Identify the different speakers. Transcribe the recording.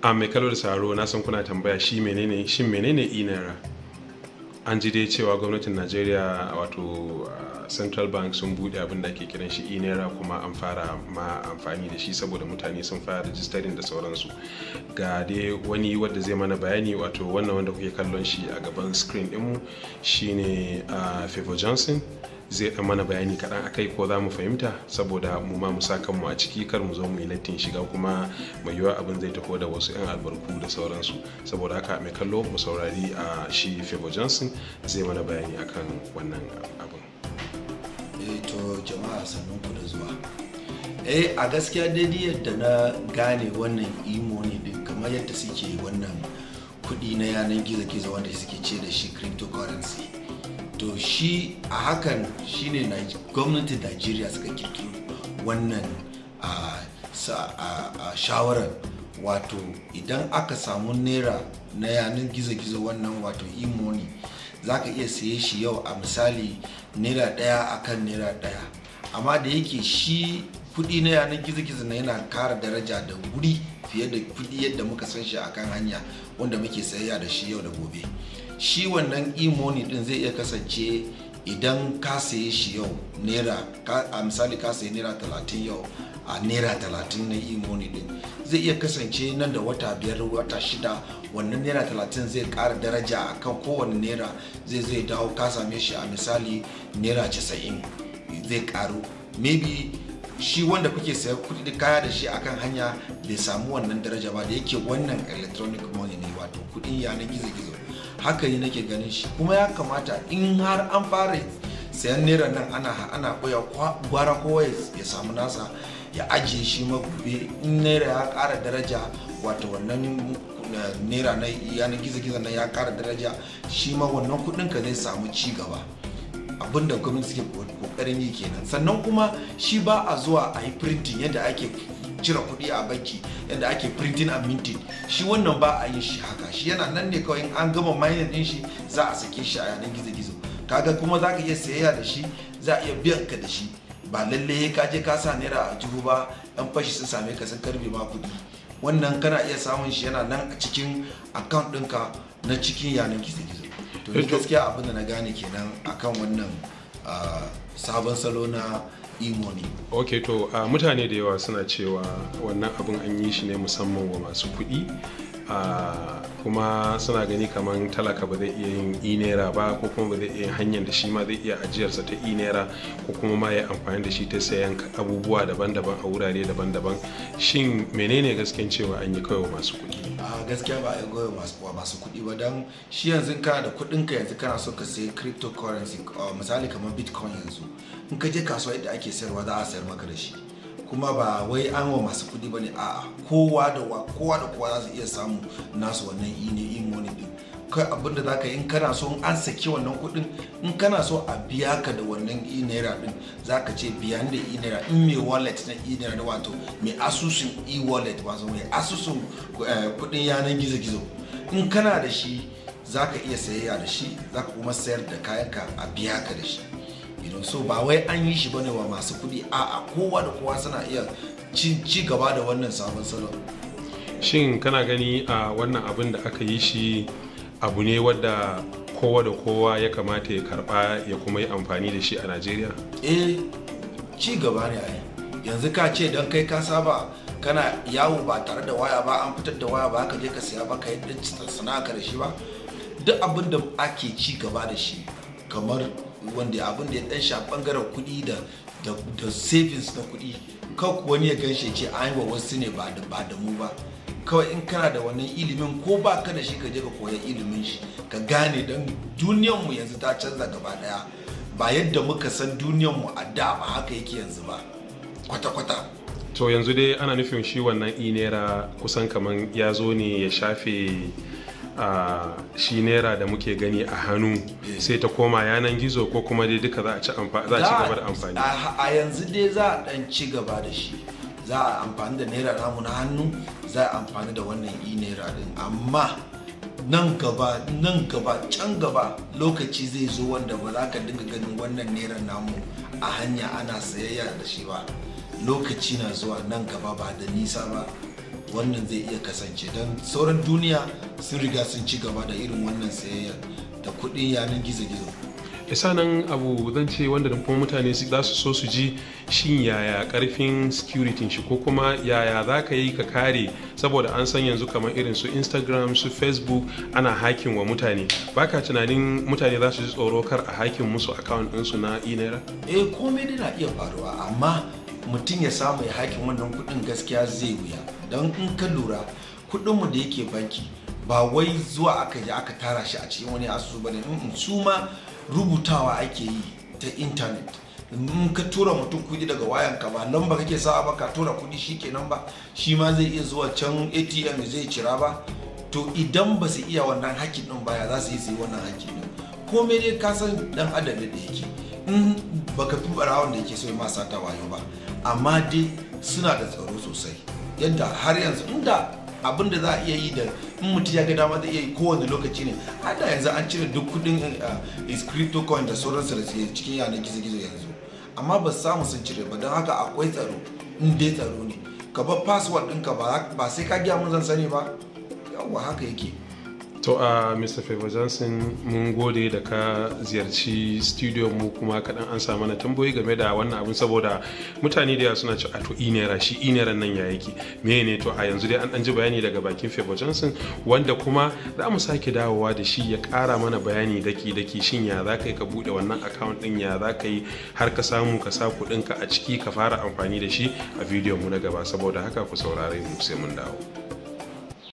Speaker 1: a mai kalwar da saro na san kuna tambaya shi menene shin menene inera an ji dai cewa gwamnatin najeriya wato uh, central bank sun bude abin da ke kiran shi inera kuma an fara ma amfani da shi saboda mutane sun fara rijistarin da sauransu ga dai wani wadda zai mana bayani wato wannan wanda kuke kallon shi a gaban screen dinmu shine uh, favor johnson zai ɗan mana bayani kaɗan akai ko za mu fahimta saboda mu ma mu sa kanmu a ciki kar mu zo mu yi lattin shiga kuma mai yiwuwa abin zai taho da wasu 'yan albarku da sauransu saboda haka mai kallo mu saurari a shi Favour Johnson zai mana bayani akan wannan abin. Eh to jama'a sannan ku da zuwa eh a gaskiya dai-dai yadda na
Speaker 2: gane wannan imo ne din kamar yadda suke wannan kuɗi na yanar gizo-gizo wanda suke ce da shi shi a hakan shine gwamnatin nigeria suka kirkiro wannan shawarar wato idan aka samu naira na yanar gizo-gizo wannan wato imoni za ka iya saye shi yau a misali naira daya akan naira daya amma da yake shi kudi na yanar gizo-gizo na yana kara daraja da wuri fiye da kuɗi yadda muka san shi akan hanya wanda muke sayayya da shi yau da gobe shi wannan imoni money din zai iya kasance idan ka saye shi yau naira a misali ka saye naira talatin yau a naira talatin na imoni din zai iya kasance nan da wata biyar wata shida wannan naira talatin zai kara daraja a kan kowane naira zai zai dawo ka same shi a misali naira casa'in zai karu maybe shi wanda kuke sayar kuɗi kaya da shi akan hanya bai samu wannan daraja ba da yake wannan electronic money ne wato kuɗin yanar gizo-gizo haka ne nake ganin shi kuma ya kamata in har an fara sayan naira nan ana ana koya gwara kowa ya samu nasa ya ajiye shi ma gobe in naira ya kara daraja wato wannan eh, naira na yanar gizo-gizo na ya kara daraja shi ma wannan kuɗin ka zai samu ci gaba. abin da gwamnati ke kokarin yi kenan sannan kuma shi ba a zuwa a yi printing yadda ake cire kuɗi a banki yadda ake printing a minting shi wannan ba a yi shi haka shi yana nan ne kawai an gama mining din shi za a sake shi a yanar gizo-gizo kaga kuma za ka iya sayayya da shi za a iya biyan ka da shi ba lalle ka je ka sa naira a jihu ba yan fashi sun same ka sun karbe ma kuɗi wannan kana iya samun shi yana nan a cikin account ɗinka na cikin yanar gizo-gizo to gaskiya abin da na gane kenan akan wannan sabon salo na imoni
Speaker 1: ok to mutane da yawa suna cewa wannan abin an yi shi ne musamman wa masu kuɗi Ah, kuma suna gani kamar talaka ba zai iya yin inera ba ko kuma ba zai iya hanyar da shi ma zai iya ajiyarsa ta inera ko kuma ma ya amfani da shi ta sayan abubuwa daban-daban a wurare daban-daban shin menene gaskiyan cewa an yi kawai masu kuɗi
Speaker 2: a ah, gaskiya ba a yi kawai masu kuɗi ba don shi yanzu ka da kuɗin ka yanzu kana so ka sayi cryptocurrency ah, misali kamar bitcoin yanzu in ka je kasuwa inda ake sayarwa za a sayar maka da shi kuma ba wai an wa masu kuɗi ba ne a kowa da kowa da kowa za su iya samu nasu wannan ine in wani din kai abin da zaka yi in kana so an saki wannan kuɗin in kana so a biya ka da wannan e naira din zaka ce biya da e naira in me wallet na e naira da wato Me asusun e wallet ba mai asusun eh, kuɗin yanar gizo gizo in kana da shi zaka iya sayayya da shi zaka kuma sayar da kayanka a biya ka da shi so ba wai an yi shi bane wa masu kuɗi a kowa da kowa suna iya ci gaba da wannan sabon salon
Speaker 1: shin kana gani a wannan abin da aka yi shi abu ne wadda kowa da kowa ya kamata ya karba ya kuma yi amfani da shi a najeriya eh ci gaba ne ai yanzu ka ce don kai ka saba kana yawo
Speaker 2: ba tare da waya ba an fitar da waya ba ka je ka siya ba ka yi sana'a ka da shi ba duk abin da ake ci gaba da shi kamar wanda abin da ya dan sha bangaren kuɗi da da savings na kuɗi kawai wani ya shi ce an yi wa wasu ne ba da mu ba kawai in kana da wannan ilimin ko ba ka da shi ka je ka koya ilimin shi ka gane don mu yanzu ta canza gaba daya ba yadda muka san mu a da ba haka yake yanzu ba kwata-kwata
Speaker 1: to yanzu dai ana nufin shi wannan inera kusan kaman ya zo ne ya shafe a shi naira da muke gani a hannu sai ta koma yanan gizo ko kuma dai duka za a ci gaba da amfani a
Speaker 2: yanzu dai za a dan ci gaba da shi za a amfani da naira namu na hannu za a amfani da wannan yi naira din amma nan gaba nan gaba can gaba lokaci zai zo wanda ba za ka dinga ganin wannan naira namu a hanya ana sayayya da shi ba lokaci na zuwa nan gaba ba da nisa ba wannan zai iya kasance don sauran duniya sun riga sun ci gaba da irin wannan sayayyar
Speaker 1: da kuɗin yanar gizo-gizo isa nan, abu zan ce wanda da kuma mutane za su so su ji shin yaya karfin security shi ko kuma yaya za ka yi ka kare saboda an san yanzu kamar irin su instagram su facebook ana hakin wa mutane baka tunanin mutane za su ji tsoro kar a hakin musu account ɗinsu na e eh komai
Speaker 2: na iya faruwa amma mutum ya samu ya hakin wannan kuɗin gaskiya zai wuya don in ka lura kuɗinmu da yake banki ba wai zuwa aka je aka tara shi a cikin wani asusu ba ne mm, mm, su suma rubutawa ake yi ta intanet in ka tura mutum kuɗi daga wayan ka ba nan ba kake sa'a ba ka tura kuɗi shi kenan ba shi ma zai iya zuwa can atm zai cira ba to idan ba su iya wannan hakkin din ya za su yi su yi wannan hakkin din komai dai ka san dan adam da yake in baka fi barawon da yake so ma sata wayo ba amma dai suna da tsaro sosai yadda har yanzu inda abin da za a iya yi da in mutum ya ga dama zai iya yi kowane lokaci ne har yanzu an cire duk kudin eh, crypto coin da sauransu da cikin yanar gizo-gizo yanzu amma ba samu sun cire ba don haka akwai tsaro in dai tsaro ne ka bar password ɗinka ba sai ka gaya mun zan sani ba yawwa haka yake
Speaker 1: To a Mr. Favor Johnson mun gode da ka ziyarci studio mu kuma kaɗan an samu na tamboyi game da wannan abin saboda mutane da suna ci a to inera shi ineran nan ya yake me ne to a yanzu dai an an ji bayani daga bakin Favor Johnson wanda kuma za mu sake dawowa da shi ya ƙara mana bayani daki daki shin ya za ka yi ka buɗe wannan account ɗin ya za ka yi har ka samu ka sa ka a ciki ka fara amfani da shi a video mu na gaba saboda haka ku saurare mu sai mun dawo.